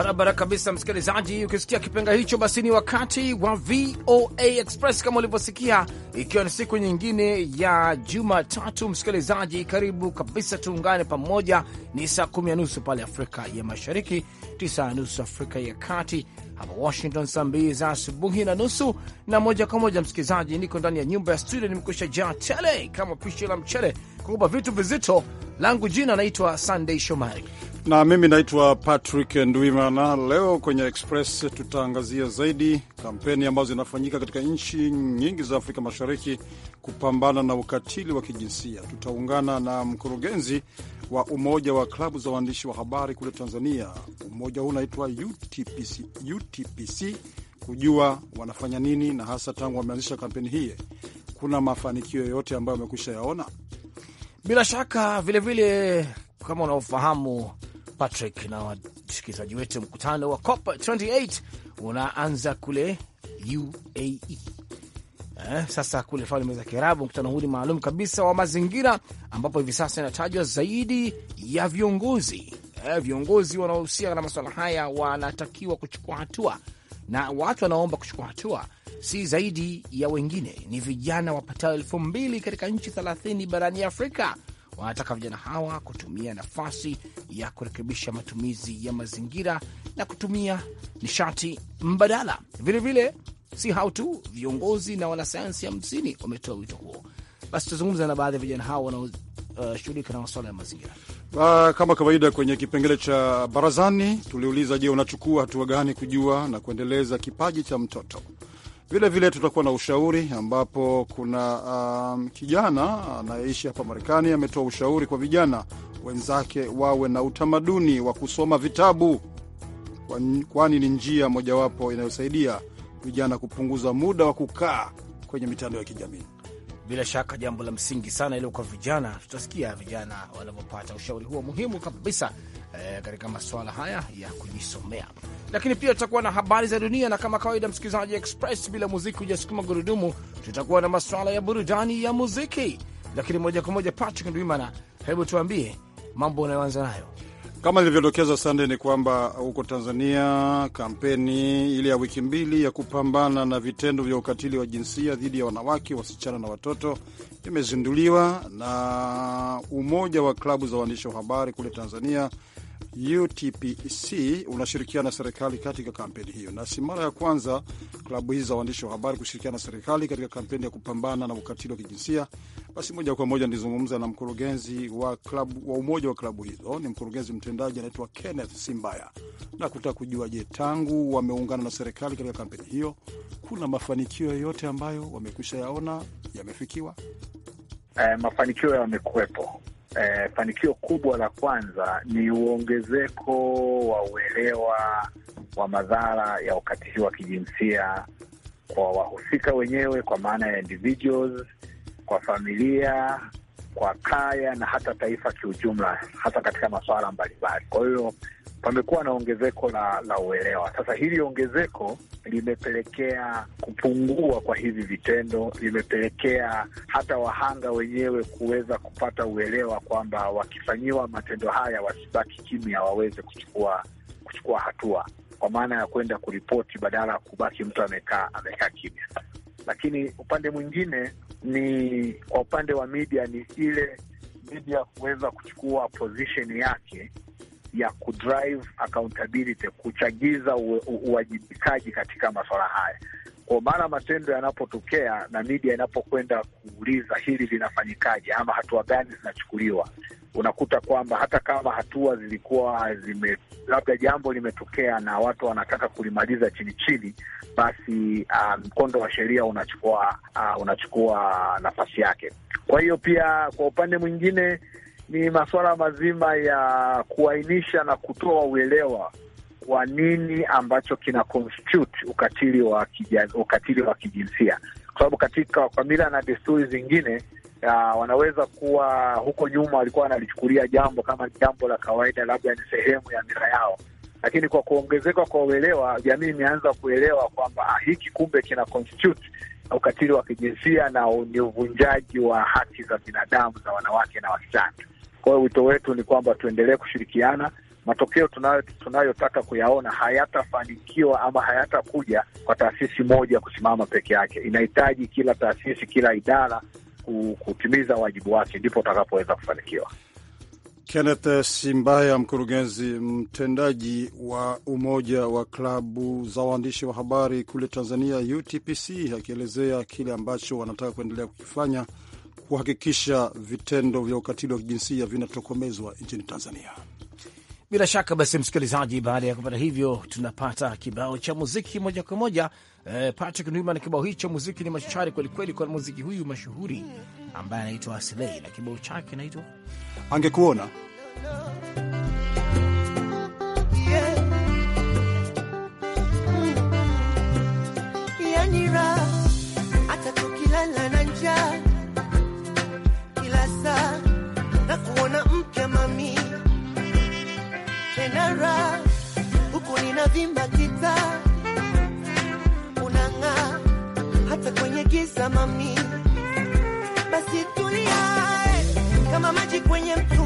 barabara kabisa, msikilizaji. Ukisikia kipenga hicho, basi ni wakati wa VOA Express kama ulivyosikia, ikiwa ni siku nyingine ya Jumatatu. Msikilizaji, karibu kabisa, tuungane pamoja. Ni saa kumi na nusu pale Afrika ya Mashariki, tisa na nusu Afrika ya Kati, hapa Washington saa mbili za asubuhi na nusu. Na moja kwa moja, msikilizaji, niko ndani ya nyumba ya studio, nimekusha jaa tele kama pishi la mchele, kukupa vitu vizito. Langu jina naitwa Sandey Shomari na mimi naitwa Patrick Ndwimana. Leo kwenye Express tutaangazia zaidi kampeni ambazo zinafanyika katika nchi nyingi za Afrika Mashariki kupambana na ukatili wa kijinsia. Tutaungana na mkurugenzi wa umoja wa klabu za waandishi wa habari kule Tanzania. Umoja huu unaitwa UTPC, UTPC kujua wanafanya nini na hasa tangu wameanzisha kampeni hii kuna mafanikio yoyote ambayo amekwisha yaona. Bila shaka vilevile vile, kama unaofahamu Patrick na wasikilizaji wetu. Mkutano wa COP 28 unaanza kule UAE. Eh, sasa kule Falme za Kiarabu. Mkutano huu ni maalum kabisa wa mazingira, ambapo hivi sasa inatajwa zaidi ya viongozi eh, viongozi wanaohusiana na masuala haya wanatakiwa kuchukua hatua, na watu wanaomba kuchukua hatua si zaidi ya wengine, ni vijana wapatao elfu mbili katika nchi thelathini barani Afrika wanataka vijana hawa kutumia nafasi ya kurekebisha matumizi ya mazingira na kutumia nishati mbadala. Vilevile si hao tu, viongozi na wanasayansi hamsini wametoa wito huo. Basi tutazungumza na baadhi ya vijana hawa wanaoshughulika uh, na masuala ya mazingira. kama kawaida kwenye kipengele cha barazani tuliuliza, je, unachukua hatua gani kujua na kuendeleza kipaji cha mtoto? Vile vile tutakuwa na ushauri ambapo kuna um, kijana anayeishi hapa Marekani ametoa ushauri kwa vijana wenzake wawe na utamaduni wa kusoma vitabu, kwani ni njia mojawapo inayosaidia vijana kupunguza muda wa kukaa kwenye mitandao ya kijamii. Bila shaka jambo la msingi sana ilio kwa vijana. Tutasikia vijana wanavyopata ushauri huo muhimu kabisa eh, katika masuala haya ya kujisomea. Lakini pia tutakuwa na habari za dunia, na kama kawaida, msikilizaji Express, bila muziki hujasukuma gurudumu. Tutakuwa na masuala ya burudani ya muziki, lakini moja kwa moja, Patrick Ndwimana, hebu tuambie mambo unayoanza nayo. Kama ilivyodokeza Sande, ni kwamba huko Tanzania kampeni ile ya wiki mbili ya kupambana na vitendo vya ukatili wa jinsia dhidi ya wanawake, wasichana na watoto imezinduliwa na Umoja wa Klabu za Waandishi wa Habari kule Tanzania UTPC unashirikiana na serikali katika kampeni hiyo, na si mara ya kwanza klabu hizi za waandishi wa habari kushirikiana na serikali katika kampeni ya kupambana na ukatili wa kijinsia. Basi moja kwa moja nilizungumza na mkurugenzi wa klabu, wa umoja wa klabu hizo, ni mkurugenzi mtendaji anaitwa Kenneth Simbaya, na kutaka kujua, je, tangu wameungana na serikali katika kampeni hiyo kuna mafanikio yoyote ambayo wamekwisha yaona yamefikiwa? Eh, mafanikio yamekuwepo eh, fanikio kubwa la kwanza ni uongezeko wa uelewa wa madhara ya ukatili wa kijinsia kwa wahusika wenyewe, kwa maana ya individuals, kwa familia kwa kaya na hata taifa kiujumla, hasa katika masuala mbalimbali. Kwa hiyo pamekuwa na ongezeko la, la uelewa. Sasa hili ongezeko limepelekea kupungua kwa hivi vitendo, limepelekea hata wahanga wenyewe kuweza kupata uelewa kwamba wakifanyiwa matendo haya wasibaki kimya, waweze kuchukua kuchukua hatua, kwa maana ya kwenda kuripoti badala ya kubaki mtu amekaa amekaa kimya. Lakini upande mwingine ni kwa upande wa media ni ile media kuweza kuchukua position yake ya kudrive accountability, kuchagiza uwajibikaji katika maswala haya, kwa maana matendo yanapotokea na media inapokwenda kuuliza hili linafanyikaje ama hatua gani zinachukuliwa, unakuta kwamba hata kama hatua zilikuwa zime, labda jambo limetokea na watu wanataka kulimaliza chini chini, basi mkondo ah, mkondo wa sheria unachukua uh, unachukua nafasi yake. Kwa hiyo pia kwa upande mwingine ni masuala mazima ya kuainisha na kutoa uelewa kwa nini ambacho kina constitute ukatili wa kijinsia, kwa sababu katika kwa mila na desturi zingine ya wanaweza kuwa huko nyuma walikuwa wanalichukulia jambo kama jambo la kawaida, labda ni sehemu ya mira yao, lakini kwa kuongezeka kwa uelewa, jamii imeanza kuelewa kwamba ah, hiki kumbe kina constitute ukatili wa kijinsia na ni uvunjaji wa haki za binadamu za wanawake na wasichana. Kwa hiyo wito wetu ni kwamba tuendelee kushirikiana. Matokeo tunayo tunayotaka kuyaona hayatafanikiwa ama hayatakuja kwa taasisi moja kusimama peke yake. Inahitaji kila taasisi, kila idara kutimiza wajibu wake, ndipo utakapoweza kufanikiwa. Kenneth Simbaya, mkurugenzi mtendaji wa umoja wa klabu za waandishi wa habari kule Tanzania, UTPC, akielezea kile ambacho wanataka kuendelea kukifanya kuhakikisha vitendo vya ukatili wa kijinsia vinatokomezwa nchini Tanzania. Bila shaka basi, msikilizaji, baada ya kupata hivyo, tunapata kibao cha muziki moja kwa moja. Eh, Patrick na kibao cha muziki ni mashari kwelikweli kwa muziki huyu mashuhuri ambaye anaitwa Asilei na kibao chake naitwa Angekuona. unaimba gita, unang'aa hata kwenye giza mami, basi tulia kama maji kwenye mtu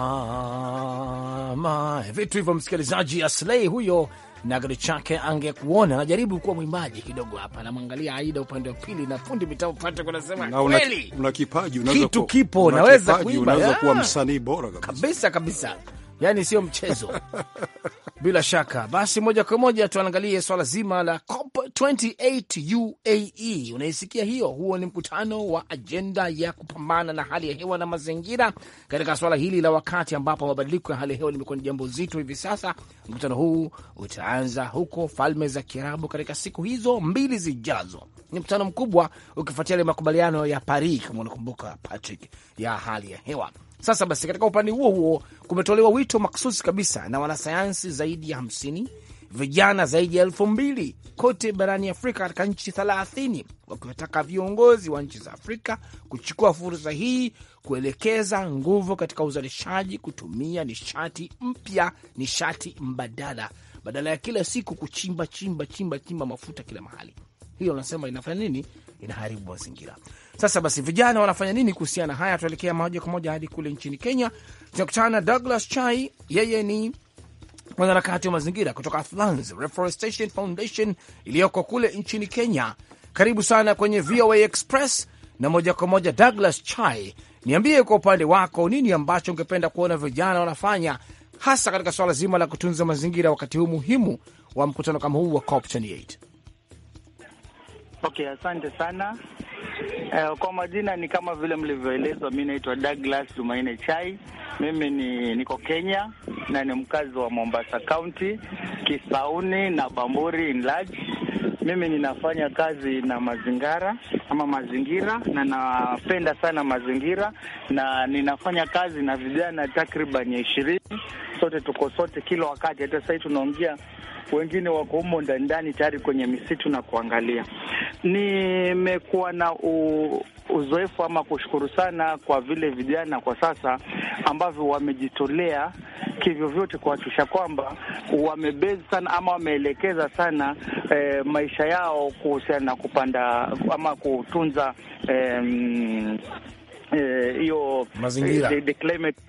mama, vitu hivyo msikilizaji. Aslei huyo na gari chake angekuona, najaribu kuwa mwimbaji kidogo hapa, namwangalia Aida upande wa pili na fundi mitao pate kunasema kweli, una kipaji, kitu kipo, naweza kuimba, unaweza ah, kuwa msanii bora kabisa kabisa, kabisa yani sio mchezo bila shaka. Basi moja kwa moja tuangalie swala zima la COP 28 UAE. Unaisikia hiyo? Huo ni mkutano wa ajenda ya kupambana na hali ya hewa na mazingira katika swala hili la wakati ambapo mabadiliko ya hali ya hewa limekuwa ni jambo zito hivi sasa. Mkutano huu utaanza huko Falme za Kiarabu katika siku hizo mbili zijazo. Ni mkutano mkubwa ukifuatia ile makubaliano ya Paris, kama unakumbuka Patrick, ya hali ya hewa sasa basi, katika upande huo huo kumetolewa wito maksusi kabisa na wanasayansi zaidi ya hamsini vijana zaidi ya elfu mbili kote barani Afrika katika nchi thelathini wakiwataka viongozi wa nchi za Afrika kuchukua fursa hii kuelekeza nguvu katika uzalishaji, kutumia nishati mpya, nishati mbadala, badala ya kila siku kuchimba chimba chimba chimba mafuta kila mahali. Hiyo wanasema inafanya nini? Inaharibu mazingira. Sasa basi, vijana wanafanya nini kuhusiana haya? Tuelekea moja kwa moja hadi kule nchini Kenya. Tunakutana na Douglas Chai, yeye ni mwanaharakati wa mazingira kutoka Athlan's Reforestation Foundation iliyoko kule nchini Kenya. Karibu sana kwenye VOA Express na moja kwa moja. Douglas Chai, niambie kwa upande wako, nini ambacho ungependa kuona vijana wanafanya hasa katika swala zima la kutunza mazingira wakati huu muhimu wa mkutano kama huu wa COP28? Okay, asante sana. Uh, kwa majina ni kama vile mlivyoelezwa, mi naitwa Douglas Tumaine Chai. Mimi ni niko Kenya na ni mkazi wa Mombasa County, Kisauni na Bamburi large. Mimi ninafanya kazi na mazingara ama mazingira na napenda sana mazingira, na ninafanya kazi na vijana takriban ishirini. Sote tuko sote kila wakati, hata sahii tunaongea wengine wako humo ndani tayari kwenye misitu na kuangalia. Nimekuwa na u, uzoefu ama kushukuru sana kwa vile vijana kwa sasa ambavyo wamejitolea kivyo vyote kuhakikisha kwamba wamebezi sana ama wameelekeza sana e, maisha yao kuhusiana na kupanda ama kutunza eh, hiyo e, e, the, the climate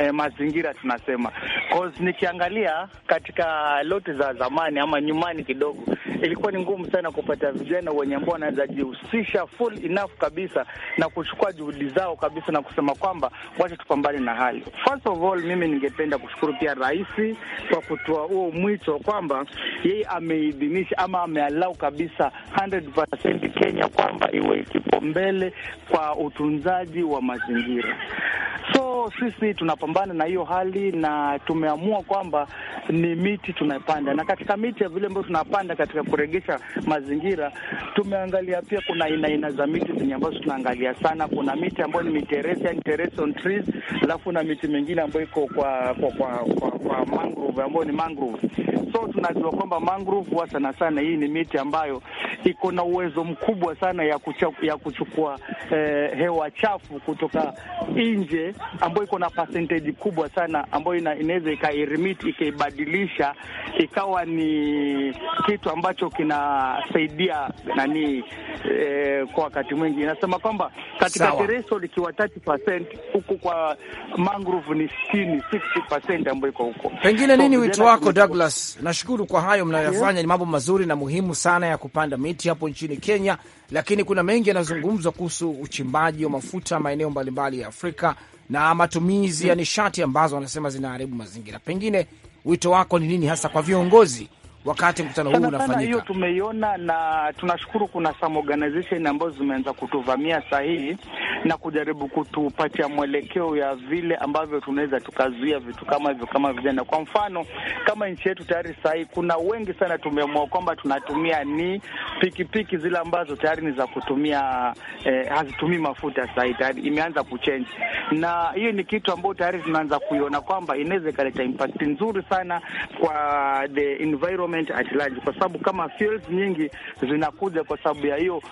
eh, mazingira tunasema, cause nikiangalia katika loti za zamani ama nyumani kidogo, ilikuwa ni ngumu sana kupata vijana wenye ambao wanaweza jihusisha full enough kabisa na kuchukua juhudi zao kabisa na kusema kwamba wacha tupambane na hali. First of all, mimi ningependa kushukuru pia rais kwa kutoa huo mwito kwamba yeye ameidhinisha ama amealau kabisa 100% Kenya kwamba iwe mbele kwa utunzaji wa mazingira. So sisi tunapambana na hiyo hali na tumeamua kwamba ni miti tunapanda, na katika miti ya vile ambavyo tunapanda katika kuregesha mazingira, tumeangalia pia kuna aina aina za miti zenye ambazo tunaangalia sana. Kuna miti ambayo ni miteresi, yani terrace on trees, alafu na miti mingine ambayo iko kwa, kwa, kwa, kwa kwa mangrove ambayo ni mangrove. So tunajua kwamba mangrove huwa sana sana, hii ni miti ambayo iko na uwezo mkubwa sana ya, kucha, ya kuchukua eh, hewa chafu kutoka nje ambayo iko na percentage kubwa sana ambayo inaweza ikairimiti ikaibadilisha ikawa ni kitu ambacho kinasaidia nani eh, kwa wakati mwingi inasema kwamba katika terrestrial ikiwa 30% huku kwa mangrove ni 60 60% ambayo iko huko. Pengine nini so, wito wako Douglas? Nashukuru kwa hayo mnayoyafanya, ni mambo mazuri na muhimu sana ya kupanda miti hapo nchini Kenya, lakini kuna mengi yanazungumzwa kuhusu uchimbaji wa mafuta maeneo mbalimbali ya Afrika na matumizi ya nishati ambazo wanasema zinaharibu mazingira. Pengine wito wako ni nini hasa kwa viongozi wakati mkutano huu unafanyika? Hiyo tumeiona na tunashukuru, kuna some organization ambazo zimeanza kutuvamia saa hii na kujaribu kutupatia mwelekeo ya vile ambavyo tunaweza tukazuia vitu kama hivyo kama vijana. Kwa mfano, kama nchi yetu tayari sahii, kuna wengi sana tumeamua kwamba tunatumia ni pikipiki piki zile ambazo tayari ni za kutumia eh, hazitumii mafuta sahii, tayari imeanza kuchange, na hiyo ni kitu ambayo tayari tunaanza kuiona kwamba inaweza ikaleta impact nzuri sana kwa the environment at large, kwa sababu kama fuels nyingi zinakuja kwa sababu ya hiyo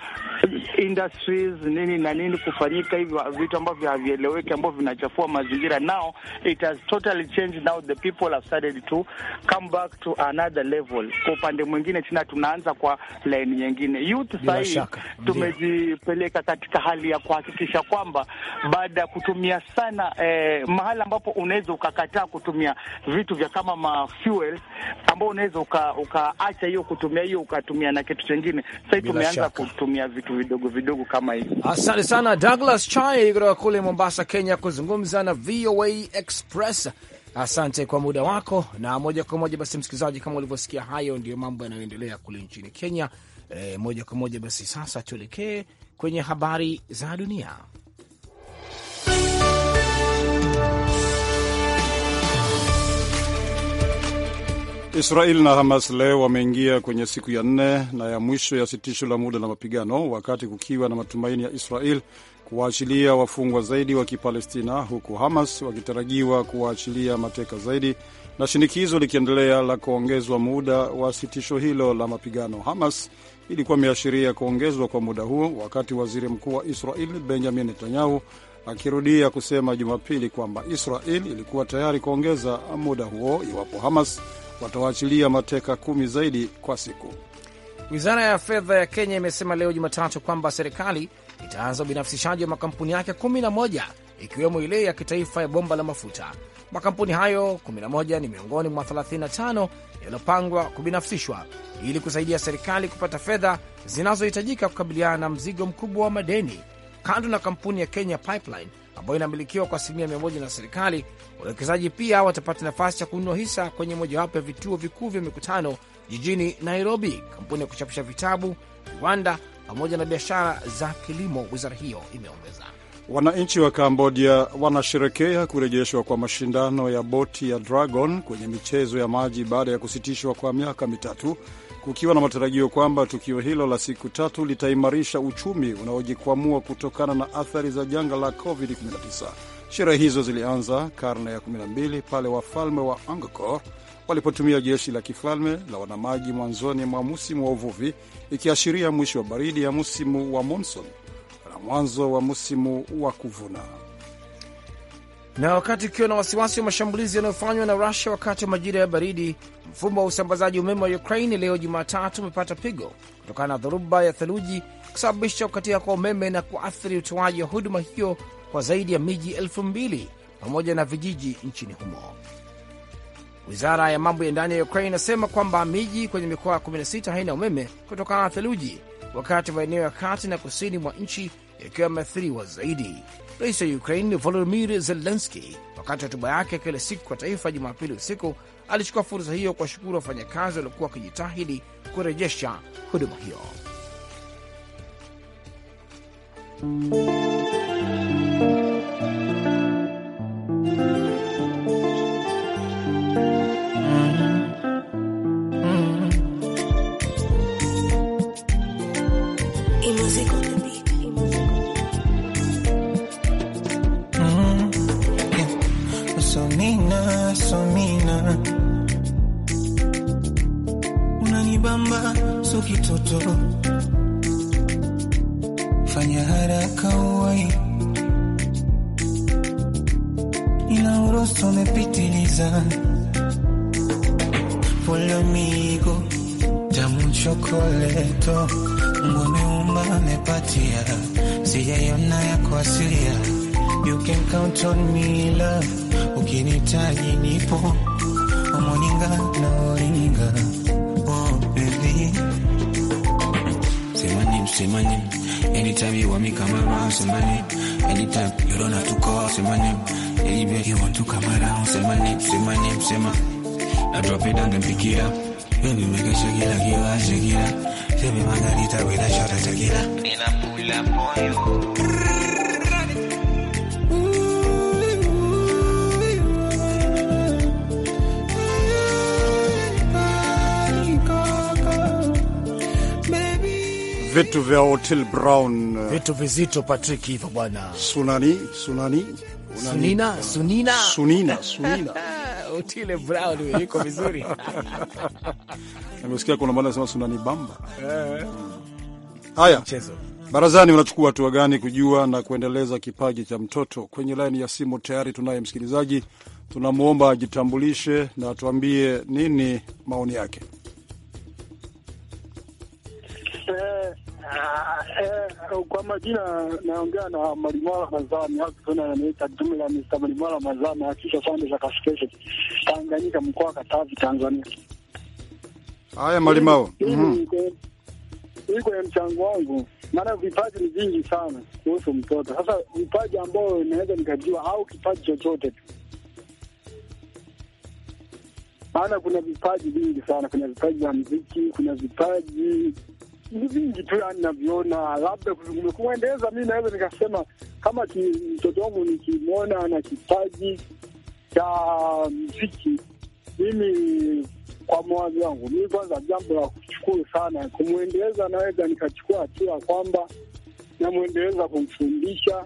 industries nini na nini kufanyia vinafanyika hivi vitu ambavyo havieleweki ambavyo vinachafua mazingira. Now it has totally changed, now the people have started to come back to another level. Kwa upande mwingine tena tunaanza kwa laini nyingine, youth sahii tumejipeleka katika hali ya kuhakikisha kwamba baada ya kutumia sana eh, mahala ambapo unaweza ukakataa kutumia vitu vya kama mafuel ambao unaweza uka, ukaacha hiyo kutumia hiyo ukatumia na kitu chengine, sahii tumeanza kutumia vitu vidogo vidogo kama hivi. Asante sana Douglas. Nicholas Chai kutoka kule Mombasa, Kenya, kuzungumza na VOA Express. Asante kwa muda wako. Na moja kwa moja basi, msikilizaji, kama ulivyosikia, hayo ndiyo mambo yanayoendelea kule nchini Kenya. E, moja kwa moja basi sasa tuelekee kwenye habari za dunia. Israel na Hamas leo wameingia kwenye siku ya nne na ya mwisho ya sitisho la muda la mapigano, wakati kukiwa na matumaini ya Israel kuwaachilia wafungwa zaidi wa Kipalestina, huku Hamas wakitarajiwa kuwaachilia mateka zaidi na shinikizo likiendelea la kuongezwa muda wa sitisho hilo la mapigano. Hamas ilikuwa imeashiria kuongezwa kwa muda huo wakati waziri mkuu wa Israel Benjamin Netanyahu akirudia kusema Jumapili kwamba Israel ilikuwa tayari kuongeza muda huo iwapo Hamas watawaachilia mateka kumi zaidi kwa siku. Wizara ya fedha ya Kenya imesema leo Jumatatu kwamba serikali itaanza ubinafsishaji wa makampuni yake 11 ikiwemo ile ya kitaifa ya bomba la mafuta. Makampuni hayo 11 ni miongoni mwa 35 yaliyopangwa kubinafsishwa ili kusaidia serikali kupata fedha zinazohitajika kukabiliana na mzigo mkubwa wa madeni. Kando na kampuni ya Kenya Pipeline ambayo inamilikiwa kwa asilimia 1 na serikali, wawekezaji pia watapata nafasi ya kununua hisa kwenye mojawapo ya vituo vikuu vya mikutano jijini Nairobi, kampuni ya kuchapisha vitabu, viwanda pamoja na biashara za kilimo, wizara hiyo imeongeza. Wananchi wa Kambodia wanasherekea kurejeshwa kwa mashindano ya boti ya Dragon kwenye michezo ya maji baada ya kusitishwa kwa miaka mitatu, kukiwa na matarajio kwamba tukio hilo la siku tatu litaimarisha uchumi unaojikwamua kutokana na athari za janga la COVID-19. Sherehe hizo zilianza karne ya 12 pale wafalme wa Angkor walipotumia jeshi la kifalme la wanamaji mwanzoni mwa msimu wa uvuvi, ikiashiria mwisho wa baridi ya msimu wa monson na mwanzo wa msimu wa kuvuna. Na wakati ukiwa na wasiwasi wa mashambulizi yanayofanywa na Rusia wakati wa majira ya baridi, mfumo wa usambazaji umeme wa ukraini leo Jumatatu umepata pigo kutokana na dhoruba ya theluji kusababisha kukatika kwa umeme na kuathiri utoaji wa huduma hiyo kwa zaidi ya miji elfu mbili pamoja na vijiji nchini humo. Wizara ya mambo ya ndani ya Ukraine inasema kwamba miji kwenye mikoa ya 16 haina umeme kutokana na theluji, wakati maeneo ya kati na kusini mwa nchi yakiwa yameathiriwa zaidi. Rais wa Ukraine Volodimir Zelenski, wakati wa hotuba yake kila siku kwa taifa Jumapili usiku, alichukua fursa hiyo kuwashukuru wafanyakazi waliokuwa wakijitahidi kurejesha huduma hiyo. semani Anytime you want me, come around, semani Anytime you don't have to call, semani my you want to come around, semani semani name, I drop it down and pick it up. Baby, make a shake it like you are, shake it up. Tell me, Margarita, with a shot of tequila. Then I pull up on you. vitu vya Otile Brown, uh, vitu vizito Patrick, hivyo bwana. Sunani, sunani, sunina, sunina, sunina, sunina Otile Brown yuko vizuri. Nimesikia kuna bwana anasema sunani bamba. Hmm. Haya, mchezo barazani, unachukua hatua gani kujua na kuendeleza kipaji cha mtoto? Kwenye laini ya simu tayari tunaye msikilizaji, tunamwomba ajitambulishe na atuambie nini maoni yake. Ah, eh, kwa majina naongea na au tena anaita jumla Mr. Malimao Ramadhani, afisa sande za kaskazini Tanganyika, mkoa wa Katavi, Tanzania. Haya Malimao, hii mhm. kwenye mchango wangu, maana vipaji ni vingi sana kuhusu mtoto. Sasa vipaji ambayo inaweza nikajua au kipaji chochote tu maana kuna vipaji vingi sana. Kuna vipaji vya mziki, kuna vipaji vingi tu, yani navyoona, labda kumeendeleza. Mi naweza nikasema kama mtoto wangu nikimwona na kipaji cha mziki, mimi kwa mawazo yangu mi kwanza jambo la kushukuru sana kumwendeleza, naweza nikachukua hatua kwamba namwendeleza kumfundisha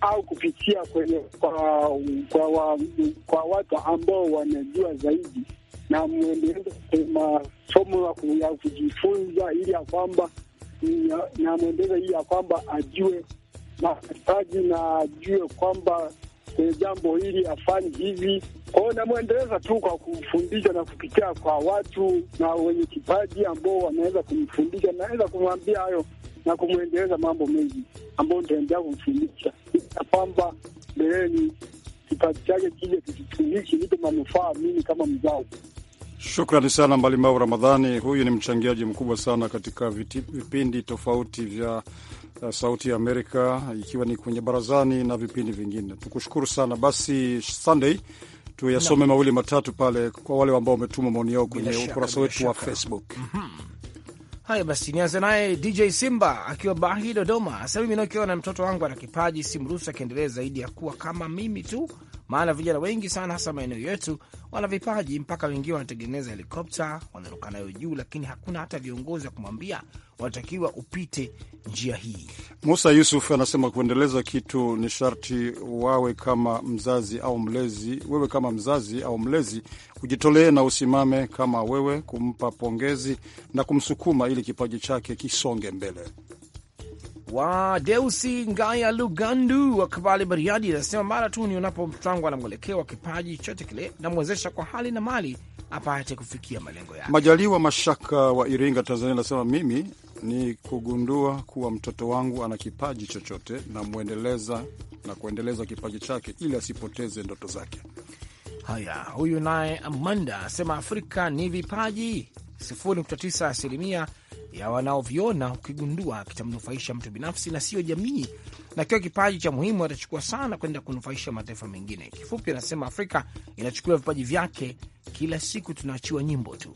au kupitia kwenye kwa, kwa, kwa, kwa watu ambao wanajua zaidi na mwendelezo masomo ya kujifunza, ili ya kwamba na mwendelezo, ili ya kwamba ajue mahitaji na ajue kwamba kwenye eh, jambo hili afanye hivi. kwao. namwendeleza tu kwa kumfundisha na kupitia kwa watu na wenye kipaji ambao wanaweza kumfundisha, naweza kumwambia hayo na kumwendeleza mambo mengi ambayo nitaendelea kumfundisha ya kwamba mbeleni kipaji chake kije kikitumiki nipe manufaa mimi kama mzao Shukrani sana malimau Ramadhani. Huyu ni mchangiaji mkubwa sana katika vipindi tofauti vya uh, Sauti ya Amerika, ikiwa ni kwenye barazani na vipindi vingine. Tukushukuru sana. Basi Sunday, tuyasome no. mawili matatu pale kwa wale ambao wametuma maoni yao kwenye ukurasa wetu wa Facebook. mm -hmm. Haya basi, nianze naye DJ Simba akiwa Bahi, Dodoma, asema mimi nakiona na mtoto wangu ana kipaji, simruhusu akiendelea zaidi ya kuwa kama mimi tu maana vijana wengi sana, hasa maeneo yetu, wana vipaji mpaka wengine wanatengeneza helikopta wanaruka nayo juu, lakini hakuna hata viongozi wa kumwambia wanatakiwa upite njia hii. Musa Yusuf anasema kuendeleza kitu ni sharti wawe kama mzazi au mlezi, wewe kama mzazi au mlezi ujitolee na usimame kama wewe, kumpa pongezi na kumsukuma ili kipaji chake kisonge mbele wa Deusi Ngaya Lugandu wa Kabale, Bariadi, anasema mara tu niunapomtangwa na mwelekeo wa kipaji chote kile, namwezesha kwa hali na mali apate kufikia malengo yake. Majaliwa Mashaka wa Iringa, Tanzania, anasema mimi ni kugundua kuwa mtoto wangu ana kipaji chochote na mwendeleza na kuendeleza kipaji chake ili asipoteze ndoto zake. Haya, huyu naye Amanda anasema Afrika ni vipaji 0.9 asilimia ya wanaoviona ukigundua kitamnufaisha mtu binafsi na sio jamii, na kiwa kipaji cha muhimu atachukua sana kwenda kunufaisha mataifa mengine. Kifupi anasema Afrika inachukuliwa vipaji vyake kila siku, tunaachiwa nyimbo tu.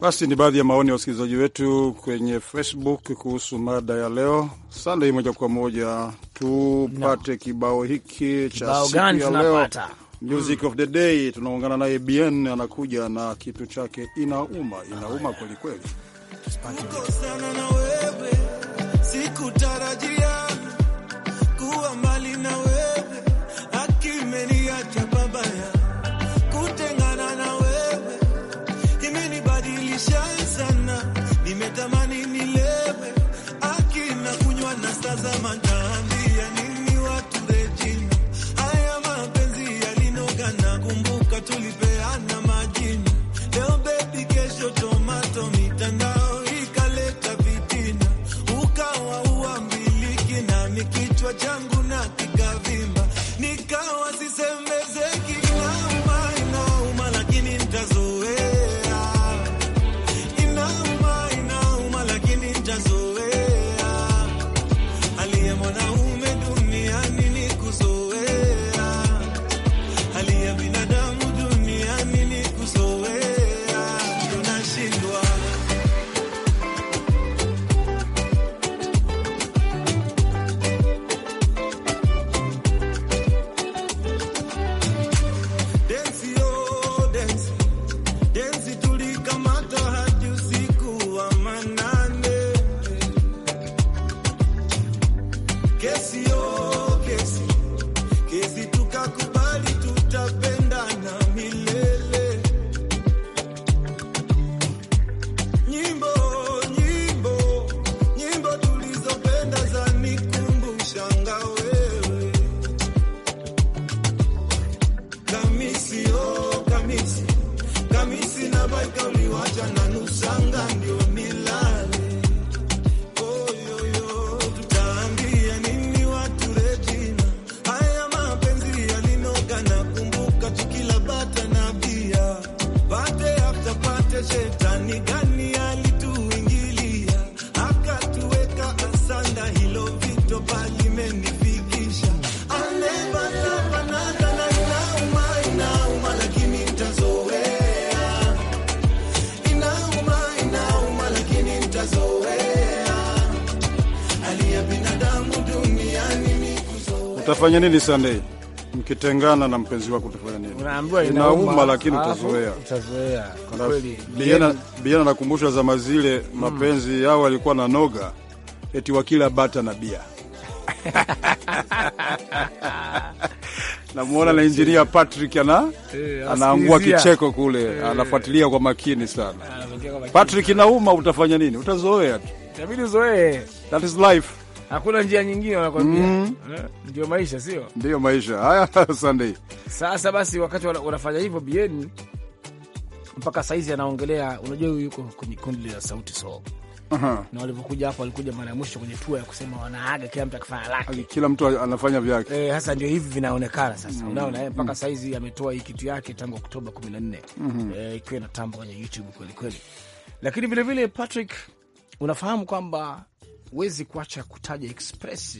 Basi ni baadhi ya maoni ya wasikilizaji wetu kwenye Facebook kuhusu mada ya leo. Sandei, moja kwa moja tupate no. kibao hiki cha siku ya leo Music of the day tunaungana naye Bien, anakuja na kitu chake inauma, inauma kwelikweli. Kaku. Utafanya nini Sunday? Mkitengana na mpenzi wako utafanya nini? Unaambiwa inauma, lakini ah, utazoea. Utazoea. Biana Biana nakumbusha zama zile mm. mapenzi yao alikuwa na noga eti wakila bata na bia. Namuona na injinia Patrick ana eh, anaangua kicheko kule, eh. anafuatilia kwa makini sana. Patrick, inauma, utafanya nini? Utazoea tu. Itabidi uzoee. That is life hakuna njia nyingine wanakwambia. mm. Eh, ndio maisha, sio ndio maisha haya. Sunday sasa basi, wakati unafanya hivyo bieni mpaka saizi anaongelea, unajua huyu yuko kwenye kundi la Sauti Sol uh -huh. na walivyokuja hapo, walikuja mara ya mwisho kwenye tua ya kusema wanaaga, kila mtu akifanya lake, kila mtu anafanya vyake. Sasa eh, e, ndio hivi vinaonekana sasa, mm. unaona mm. mpaka mm. saizi ametoa hii kitu yake tangu Oktoba 14 mm -hmm. eh, ikiwa inatamba kwenye YouTube kweli kweli, lakini vilevile Patrick, unafahamu kwamba huwezi kuacha kutaja Express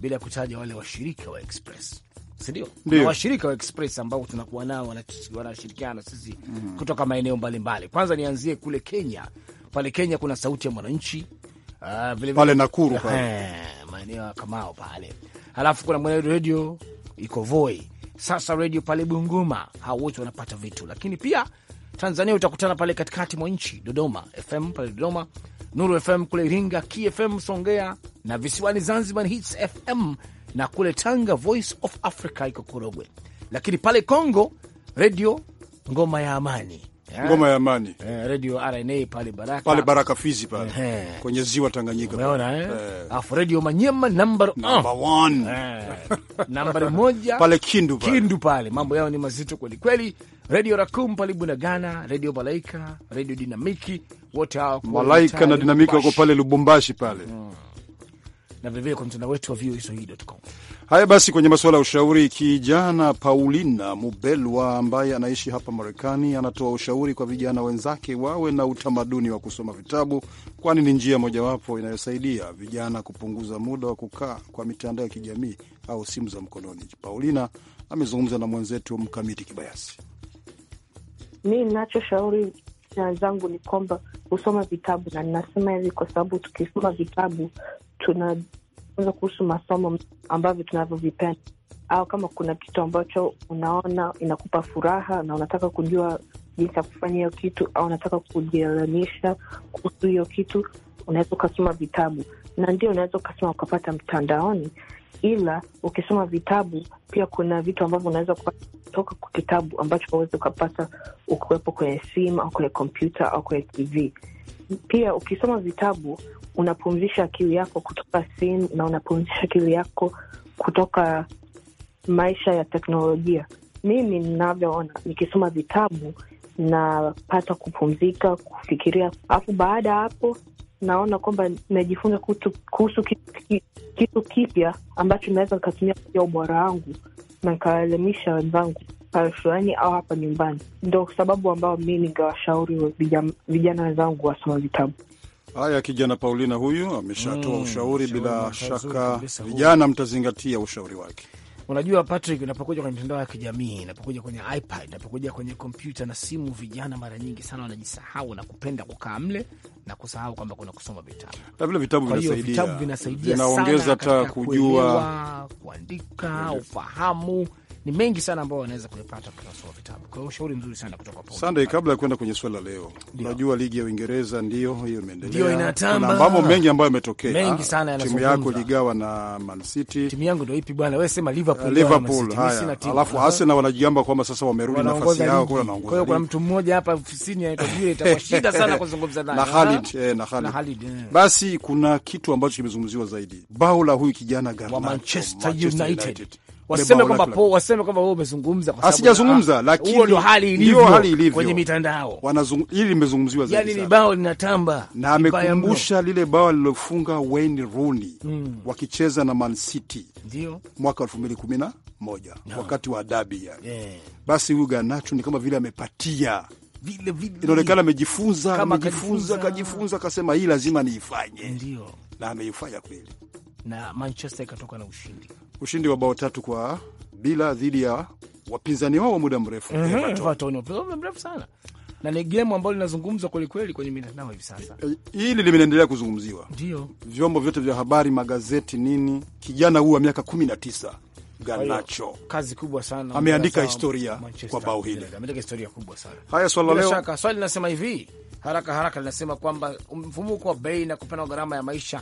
bila ya kutaja wale washirika wa Express, sindio? Kuna washirika wa Express ambao tunakuwa nao wanashirikiana na sisi mm, kutoka maeneo mbalimbali. Kwanza nianzie kule Kenya. Pale Kenya kuna Sauti ya Mwananchi uh, vile pale Nakuru pale maeneo ya Kamao pale, halafu kuna mwana redio iko Voi, sasa redio pale Bunguma. Hao wote wanapata vitu, lakini pia Tanzania utakutana pale katikati mwa nchi Dodoma FM pale Dodoma Nuru FM kule Iringa, KFM Songea na visiwani Zanzibar Hits FM, na kule Tanga Voice of Africa iko Korogwe, lakini pale Congo redio Ngoma ya Amani Eh? ngoma ya amani eh, radio RNA pale Baraka, pale Baraka Fizi pale eh, kwenye ziwa Tanganyika. Umeona eh? eh. Afu radio Manyema number number 1 eh, number moja pale Kindu pale, Kindu pale mambo yao ni mazito kweli kweli. Radio Rakum pale Bunagana, radio Malaika, radio Dinamiki, wote hao Malaika na Dinamiki wako pale Lubumbashi pale mm na vilevile kwa mtandao wetu wa voaswahili.com. Haya basi, kwenye masuala ya ushauri, kijana Paulina Mubelwa ambaye anaishi hapa Marekani anatoa ushauri kwa vijana wenzake wawe na utamaduni wa kusoma vitabu, kwani ni njia mojawapo inayosaidia vijana kupunguza muda wa kukaa kwa mitandao ya kijamii au simu za mkononi. Paulina amezungumza na mwenzetu Mkamiti Kibayasi. Mi nachoshauri vijana zangu ni kwamba husoma vitabu, na ninasema hivi kwa sababu tukisoma vitabu tunafunza kuhusu masomo ambavyo tunavyovipenda, au kama kuna kitu ambacho unaona inakupa furaha na unataka kujua jinsi ya kufanya hiyo kitu, au unataka kujielimisha kuhusu hiyo kitu, unaweza ukasoma vitabu, na ndio unaweza ukasoma ukapata mtandaoni ila ukisoma vitabu pia kuna vitu ambavyo unaweza kupata kutoka kwa kitabu ambacho uwezi ukapata ukiwepo kwenye simu au kwenye kompyuta au kwenye TV. Pia ukisoma vitabu unapumzisha akili yako kutoka simu na unapumzisha akili yako kutoka maisha ya teknolojia. Mimi ninavyoona, nikisoma vitabu napata kupumzika, kufikiria, alafu baada ya hapo naona kwamba najifunza kuhusu kitu kipya ambacho inaweza nikatumia pia ubora wangu na nikawaelimisha wenzangu pale fulani au hapa nyumbani. Ndo sababu ambayo mi ningewashauri vijana wenzangu wasoma vitabu. Haya, kijana Paulina huyu ameshatoa mm, ushauri bila shaka, vijana mtazingatia ushauri wake. Unajua Patrick, unapokuja kwenye mitandao ya kijamii, unapokuja kwenye iPad, unapokuja kwenye kompyuta na simu, vijana mara nyingi sana wanajisahau na kupenda kukaa mle na kusahau kwamba kuna kusoma vitabu. Na vile vitabu vinasaidia, vitabu vinaongeza hata kujua kuandika, ufahamu ni mengi sana ambao wanaweza kuyapata kutasoma vitabu. Kwa hiyo ushauri mzuri sana kutoka kwa Sunday. Kabla ya kwenda kwenye swala leo, unajua ligi ya Uingereza ndio hiyo imeendelea, ndio inatamba na mambo mengi ambayo yametokea mengi sana. yanazungumza. Timu yako ligawa na Man City, timu yangu ndio ipi bwana? Wewe sema Liverpool, uh, Liverpool haya, alafu Arsenal wanajigamba kwamba sasa wamerudi nafasi yao, kwa naongoza. Kwa hiyo kuna mtu mmoja hapa ofisini anaitwa Bure, itakuwa shida sana kuzungumza naye na Khalid eh, na Khalid, eh. Basi kuna kitu ambacho kimezungumziwa zaidi, bao la huyu kijana Garnacho wa Manchester United, United waseme kwamba po waseme kwamba wewe umezungumza, kwa sababu asijazungumza, lakini hiyo ndio hali ilivyo kwenye mitandao, wanazungumza ili limezungumziwa zaidi yani, ni bao linatamba, na amekumbusha lile bao alilofunga Wayne Rooney mm. wakicheza na Man City ndio mwaka 2011 no. wakati wa adabi yani. yeah. Basi huyu Garnacho ni kama vile amepatia vile vile, inaonekana amejifunza, amejifunza, kajifunza, akasema hii lazima niifanye, ndio na ameifanya kweli, na Manchester ikatoka na ushindi ushindi wa bao tatu kwa bila dhidi ya wapinzani wao wa muda mrefu mrefu sana na ni gemu ambalo linazungumzwa kwelikweli kwenye mitandao hivi sasa. Eh, hili limeendelea kuzungumziwa, ndio vyombo vyote vya habari, magazeti, nini. Kijana huu wa miaka kumi na tisa Ganacho kazi kubwa sana, ameandika historia kwa bao hili, ameandika historia kubwa sana. Haya, swala leo, swali linasema hivi haraka haraka, linasema kwamba mfumuko wa bei na kupanda gharama ya maisha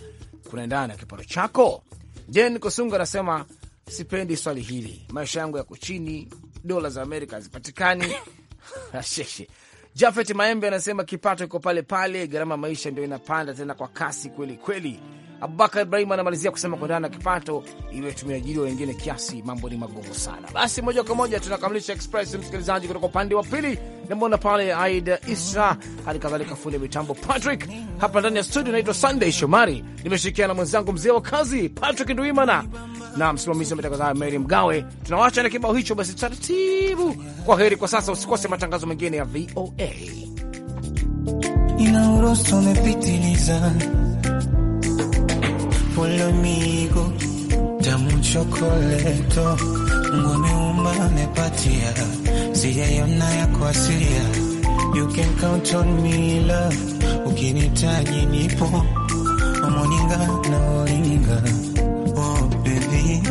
kunaendana na kipato chako. Jen Kosunga anasema sipendi swali hili, maisha yangu yako chini, dola za Amerika hazipatikani. Ah, Sheshe Jafet Maembe anasema kipato iko pale pale, gharama maisha ndio inapanda tena kwa kasi kweli kweli. Abubakar Ibrahim anamalizia kusema kuendana na kipato iwe tumeajiri wengine kiasi, mambo ni magumu sana. Basi moja kwa moja tunakamilisha Express msikilizaji, kutoka upande wa pili namwona pale Aida Isra, hali kadhalika fundi mitambo Patrick. Hapa ndani ya studio naitwa Sunday Shomari, nimeshirikiana na mwenzangu mzee wa kazi Patrick Ndwimana na msimamizi wa matangazo haya Mary Mgawe. Tunawacha na kibao hicho, basi taratibu. Kwa heri kwa sasa, usikose matangazo mengine ya VOA amigo, polomigo tamu chokoleto, Mungu ameumba amepatia, sijaiona ya asilia. You can count on me love, ukinitaji nipo amoninga na olinga. Oh baby,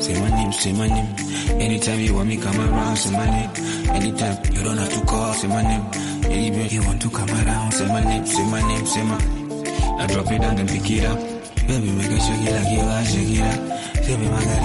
Say say my name, my name, anytime you want me come around say my name, anytime you don't have to call say my name, anytime you want to come around say say my my name, name, say my name. La ropa en que quiera. Baby, me que yo La que va, seguir Que mi margarita,